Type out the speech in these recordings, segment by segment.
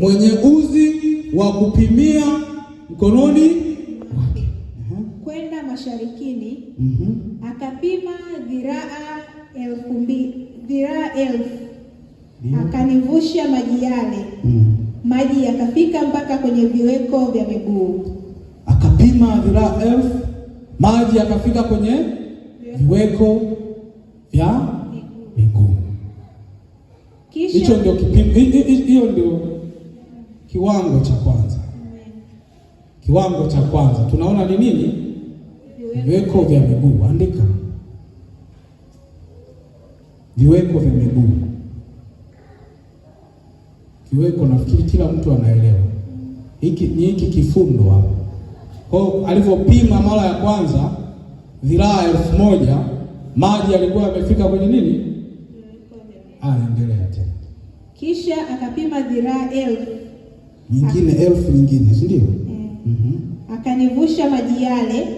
mwenye uzi wa kupimia mkononi wake kwenda masharikini. mm -hmm. Akapima dhiraa elfu mbili dhiraa elfu mm -hmm. Akanivusha maji yale mm -hmm. Maji yakafika mpaka kwenye viweko vya miguu. Akapima dhiraa elfu, maji yakafika kwenye viweko vya miguu. Hicho ndio kipimo, hiyo ndio kiwango cha kwanza. Kiwango cha kwanza tunaona ni nini? Viweko vya miguu. Andika viweko vya miguu. Kiweko nafikiri kila mtu anaelewa hiki, ni hiki kifundo hapo. Kwa hiyo alivyopima mara ya kwanza dhiraa elfu moja maji yalikuwa yamefika kwenye nini? aendelea ah, endelea tena. Kisha akapima dhiraa elfu nyingine elfu nyingine, si ndio? mm -hmm. Akanivusha maji yale,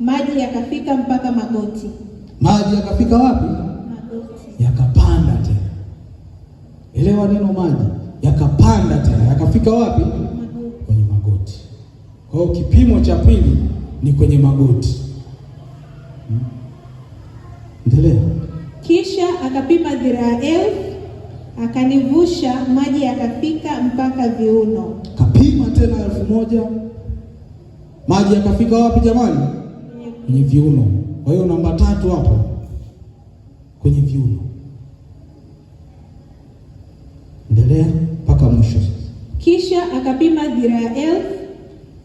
maji yakafika mpaka magoti. Maji yakafika wapi? Magoti. Yakapanda tena, elewa neno maji yakapanda tena, yakafika wapi? Magoti. Kwenye magoti. Kwa hiyo kipimo cha pili ni kwenye magoti. Hmm. Endelea. Hmm. Kisha akapima dhiraa elfu akanivusha maji yakafika mpaka viuno. Kapima tena elfu moja maji yakafika wapi jamani? Kwenye viuno. Kwa hiyo namba tatu hapo kwenye viuno, endelea mpaka mwisho. Kisha akapima dhiraa elfu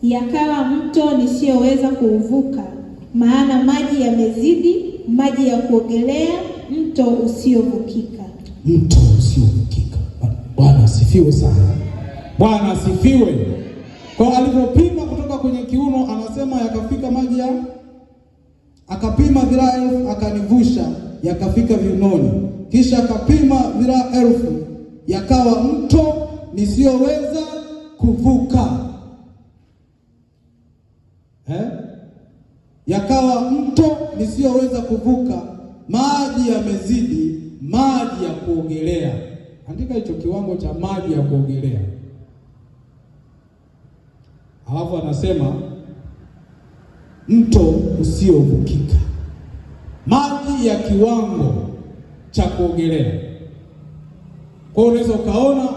yakawa mto nisiyoweza kuuvuka, maana maji yamezidi, maji ya kuogelea, mto usiovukika mto usiofukika. Bwana asifiwe sana, Bwana asifiwe. Kwa alivyopima kutoka kwenye kiuno, anasema yakafika maji ya akapima dhiraa elfu akanivusha, yakafika viunoni, kisha akapima dhiraa elfu yakawa mto nisiyoweza kuvuka eh? yakawa mto nisiyoweza kuvuka maji yamezidi maji ya kuogelea. Andika hicho kiwango cha maji ya kuogelea, alafu anasema mto usiovukika, maji ya kiwango cha kuogelea. Kwa hiyo unaweza ukaona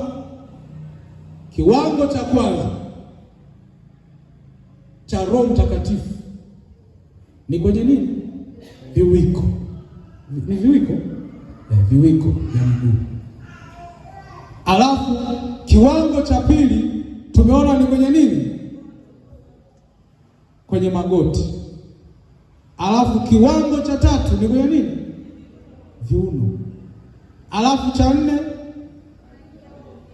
kiwango cha kwanza cha Roho Mtakatifu ni kwenye nini? Viwiko ni viwiko eh, viwiko vya mguu. Alafu kiwango cha pili tumeona ni kwenye nini? Kwenye magoti. Alafu kiwango cha tatu ni kwenye nini? Viuno. Alafu cha nne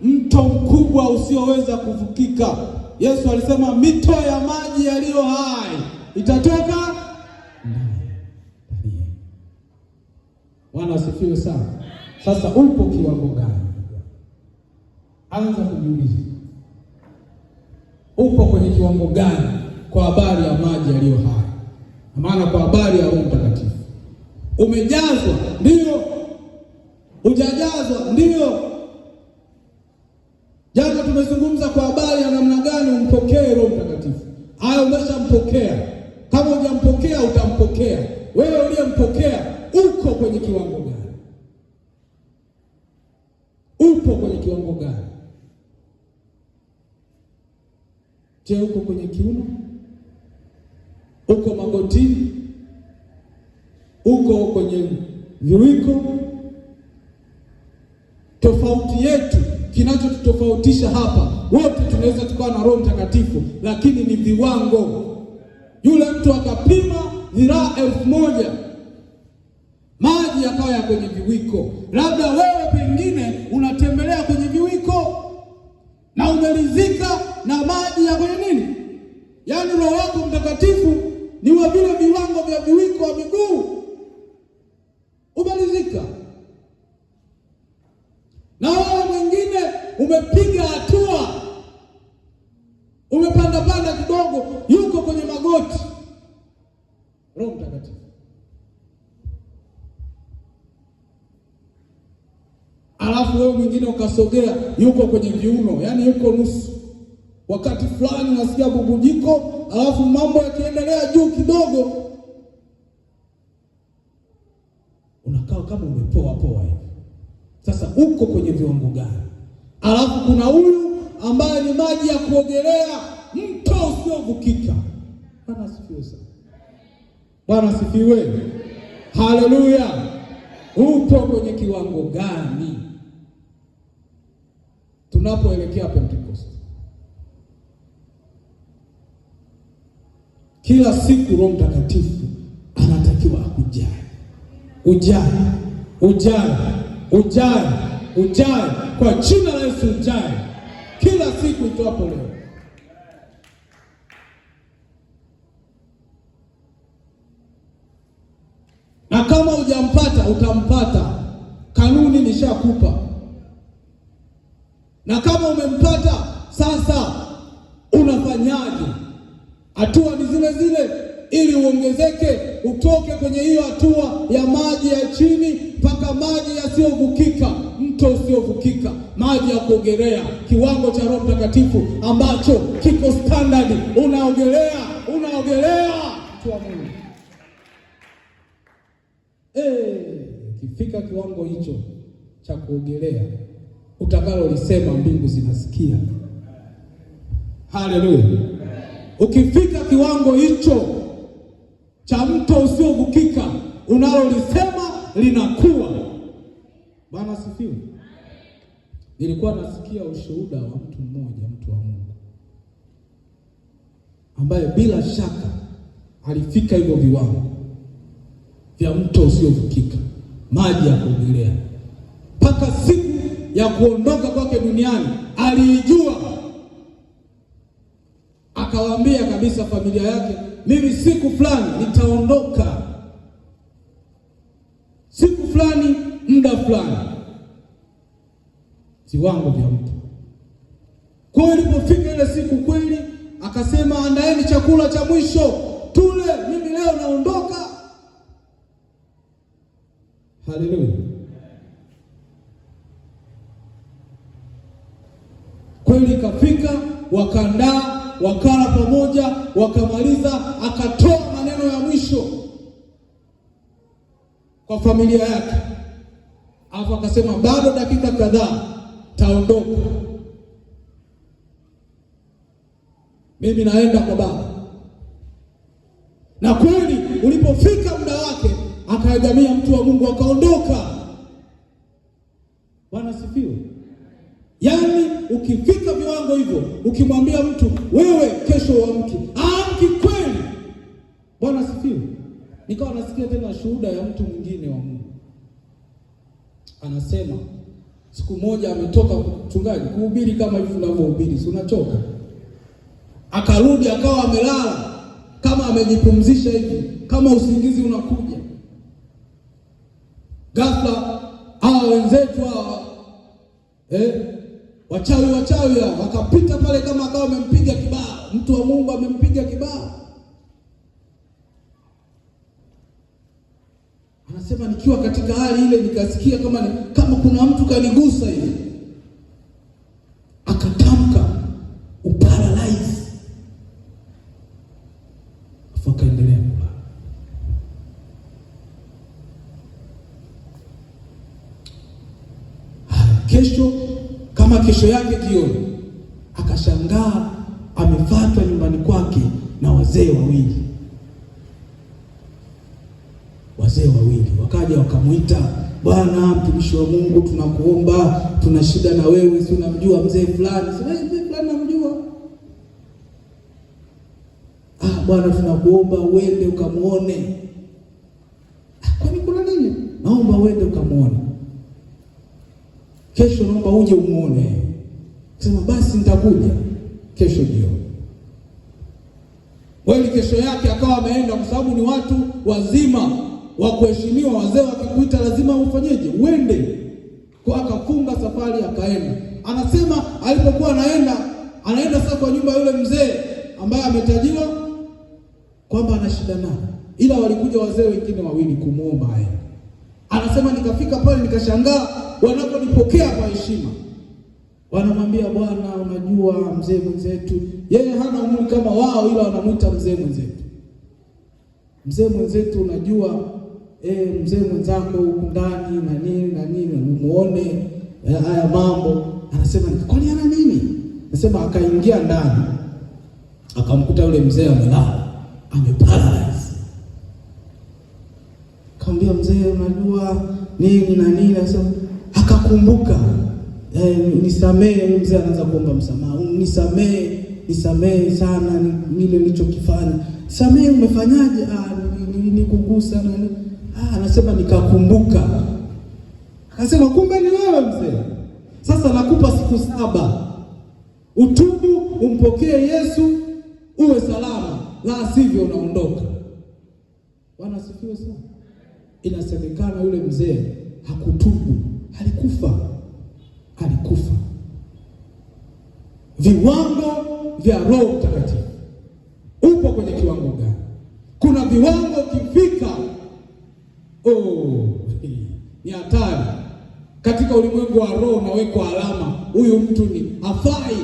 mto mkubwa usioweza kuvukika. Yesu alisema mito ya maji yaliyo hai itatoka Bwana asifiwe sana. Sasa upo kiwango gani? Anza kujiuliza upo kwenye kiwango gani kwa habari ya maji yaliyo hai, maana kwa habari ya Roho Mtakatifu. Umejazwa ndio, ujajazwa ndio. Jana tumezungumza kwa habari ya namna gani umpokee Roho Mtakatifu. aya umeshampokea. Kama hujampokea, utampokea wewe uliyempokea kwenye kiwango gani? Upo kwenye kiwango gani? Je, uko kwenye kiuno? Uko magotini? Uko kwenye viwiko? Tofauti yetu, kinachotutofautisha hapa, wote tunaweza tukawa na Roho Mtakatifu, lakini ni viwango. Yule mtu akapima dhiraa elfu moja maji yakawa ya kwenye viwiko. Labda wewe pengine unatembelea kwenye viwiko na umeridhika na maji ya kwenye nini, yaani Roho wako Mtakatifu ni wa vile viwango vya viwiko wa miguu, umeridhika na wewe mwingine umepiga hatua, umepanda panda kidogo, yuko kwenye magoti halafu wewe mwingine ukasogea, yuko kwenye viuno, yaani yuko nusu. Wakati fulani unasikia bubujiko, halafu mambo yakiendelea juu kidogo, unakaa kama umepoa poa hivi. Sasa uko kwenye viwango gani? Halafu kuna huyu ambaye ni maji ya kuogelea, mto usiovukika. Bwana asifiwe sana. Bwana asifiwe, haleluya. Upo kwenye kiwango gani? tunapoelekea Pentecost. Kila siku Roho Mtakatifu anatakiwa akujae, ujae, ujae, ujae, ujae kwa jina la Yesu, ujae kila siku itwapo leo. Na kama hujampata utampata, kanuni nishakupa na kama umempata sasa, unafanyaje? Hatua ni zile zile, ili uongezeke, utoke kwenye hiyo hatua ya maji ya chini mpaka maji yasiyovukika, mto usiovukika, maji ya kuogelea, kiwango cha Roho Mtakatifu ambacho kiko standard. Unaogelea, unaogelea, mtu wa Mungu. Hey, eh, kifika kiwango hicho cha kuogelea utakalolisema mbingu zinasikia. Haleluya! Ukifika kiwango hicho cha mto usiovukika, unalolisema linakuwa. Bwana sifiwe. Nilikuwa nasikia ushuhuda wa mtu mmoja, mtu wa Mungu ambaye bila shaka alifika hivyo viwango vya mto usiovukika, maji ya kuogelea mpaka siku ya kuondoka kwake duniani aliijua, akawaambia kabisa familia yake, mimi siku fulani nitaondoka, siku fulani, muda fulani, viwango vya mtu. Kwa hiyo ilipofika ile siku kweli, akasema andaeni chakula cha mwisho tule, mimi leo naondoka. Haleluya! Kweli ikafika, wakandaa wakala pamoja, wakamaliza, akatoa maneno ya mwisho kwa familia yake, alafu akasema bado dakika kadhaa taondoka, mimi naenda kwa baba. Na kweli ulipofika muda wake, akaegamia mtu wa Mungu akaondoka. Bwana sifiwe. Yani ukifika viwango hivyo, ukimwambia mtu wewe kesho uamki, aamki kweli. Bwana sifiwe. Nikawa nasikia tena shuhuda ya mtu mwingine wa Mungu, anasema siku moja ametoka mchungaji kuhubiri kama hivi unavyohubiri, si unachoka, akarudi akawa amelala kama amejipumzisha hivi, kama usingizi unakuja ghafla, hawa wenzetu hawa eh wachawi wachawi hao wakapita pale, kama akawa amempiga kibaa mtu wa Mungu amempiga kibaa Anasema nikiwa katika hali ile nikasikia kama ni, kama kuna mtu kanigusa hivi kesho yake jioni akashangaa amefatwa nyumbani kwake na wazee wawili. Wazee wawili wakaja wakamwita, bwana mtumishi wa Mungu, tunakuomba, tuna shida na wewe, si unamjua mzee fulani? Eh, mzee fulani namjua. Ah, bwana, tunakuomba uende ukamwone. Ah, kwani kuna nini? Naomba uende ukamwone kesho, naomba uje umwone sema basi nitakuja kesho jioni. Kweli kesho yake akawa ameenda, kwa sababu ni watu wazima wa kuheshimiwa. Wazee wakikuita lazima ufanyeje? Uende. Kwa akafunga safari akaenda. Anasema alipokuwa anaenda, anaenda sasa kwa nyumba yule mzee ambaye ametajiwa kwamba naye, ila walikuja wazee wengine wawili kumwomba aende. Anasema nikafika pale nikashangaa wanaponipokea kwa heshima Wanamwambia bwana, unajua mzee mwenzetu yeye hana umuhimu kama wao, ila wanamwita mzee mwenzetu, mzee mwenzetu, unajua e, mzee mwenzako huku ndani na nini na nini, muone eh, haya mambo. Anasema kwani ana nini? Anasema akaingia ndani akamkuta yule mzee amelala, ameparalyze. kamwambia mzee, unajua nini na nini, anasema akakumbuka eh, nisamehe. Mzee anaanza kuomba msamaha, nisamehe, nisamehe sana nile nilichokifanya. Samehe, umefanyaje? Ah, nikugusa ni, ni, ah, anasema nikakumbuka. Akasema kumbe ni wewe mzee. Sasa nakupa siku saba, utubu, umpokee Yesu, uwe salama, la sivyo unaondoka. Bwana asifiwe sana. Inasemekana yule mzee hakutubu, alikufa. viwango vya Roho Mtakatifu. Upo kwenye kiwango gani? Kuna viwango kifika, oh, ni hatari katika ulimwengu wa roho. Unawekwa alama, huyu mtu ni hafai.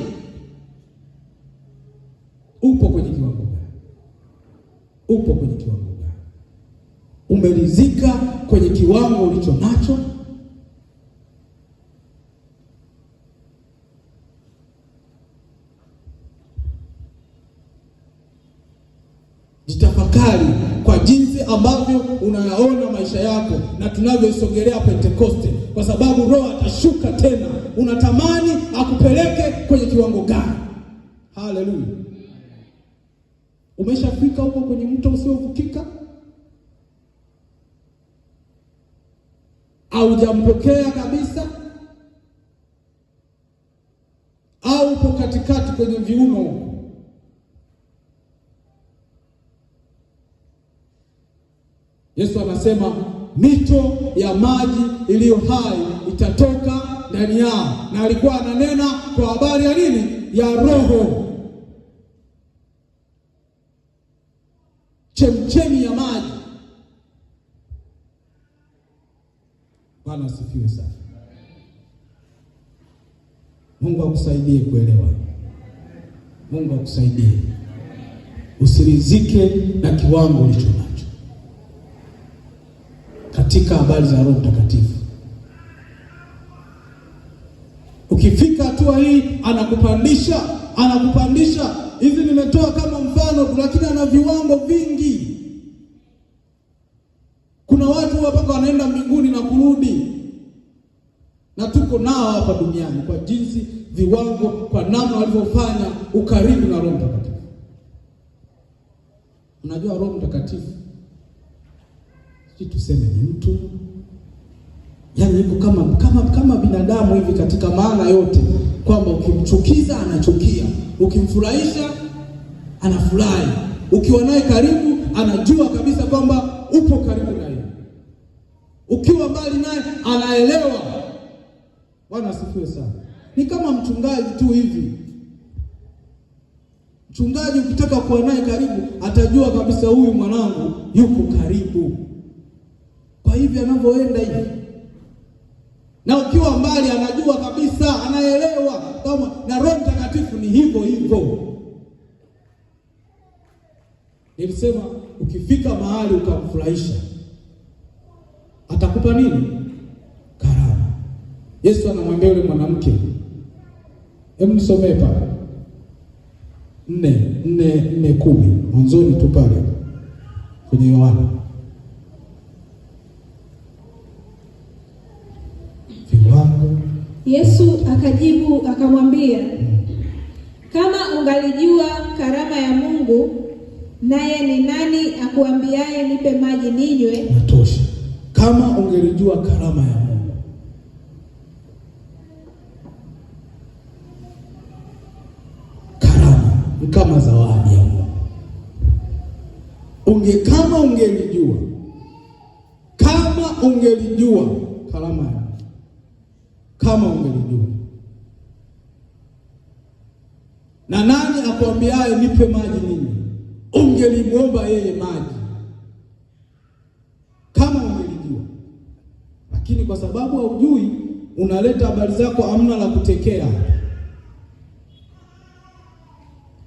Upo kwenye kiwango gani? Upo kwenye kiwango gani? Umeridhika kwenye kiwango ulicho nacho? Jitafakari kwa jinsi ambavyo unayaona maisha yako na tunavyoisogelea Pentekoste, kwa sababu Roho atashuka tena. Unatamani akupeleke kwenye kiwango gani? Haleluya! Umeshafika huko kwenye mto usiovukika? Au jampokea kabisa? Au uko katikati kwenye viuno? Yesu anasema mito ya maji iliyo hai itatoka ndani yao, na alikuwa ananena kwa habari ya nini? Ya Roho, chemchemi ya maji. Bwana asifiwe sana. Mungu akusaidie kuelewa. Mungu akusaidie usirizike na kiwango ulicho katika habari za Roho Mtakatifu. Ukifika hatua hii, anakupandisha anakupandisha. hizi nimetoa kama mfano, lakini ana viwango vingi. Kuna watu huwa wanaenda mbinguni na kurudi, na tuko nao hapa duniani kwa jinsi viwango, kwa namna walivyofanya ukaribu na Roho Mtakatifu. Unajua Roho Mtakatifu si tuseme ni mtu, yaani yuko kama kama kama binadamu hivi katika maana yote, kwamba ukimchukiza anachukia, ukimfurahisha anafurahi, ukiwa naye karibu anajua kabisa kwamba upo karibu naye, ukiwa mbali naye anaelewa. Bwana asifiwe sana. Ni kama mchungaji tu hivi Mchungaji ukitaka kuwa naye karibu, atajua kabisa huyu mwanangu yuko karibu kwa hivyo anavyoenda hivi, na ukiwa mbali anajua kabisa, anaelewa kama, na Roho Mtakatifu ni hivyo hivyo. Nilisema ukifika mahali ukamfurahisha, atakupa nini? Karama. Yesu anamwambia yule mwanamke, hebu nisomee pale nne nne nne kumi mwanzoni tu pale kwenye Yohana Yesu akajibu akamwambia, kama ungalijua karama ya Mungu, naye ni nani akuambiaye nipe maji ninywe, natosha. Kama ungelijua karama ya Mungu, karama ni kama zawadi ya Mungu. Unge kama ungelijua, kama ungelijua karama kama ungelijua Na nani akwambiaye nipe maji nini? Ungelimwomba yeye maji kama ungelijua lakini kwa sababu haujui, unaleta habari zako, hamna la kutekea.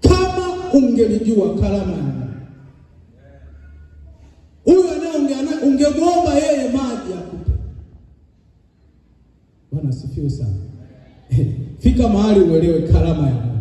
Kama ungelijua karama huyo anayeongea naye, ungemwomba yeye maji Bwana asifiwe sana. Fika mahali uelewe karama ya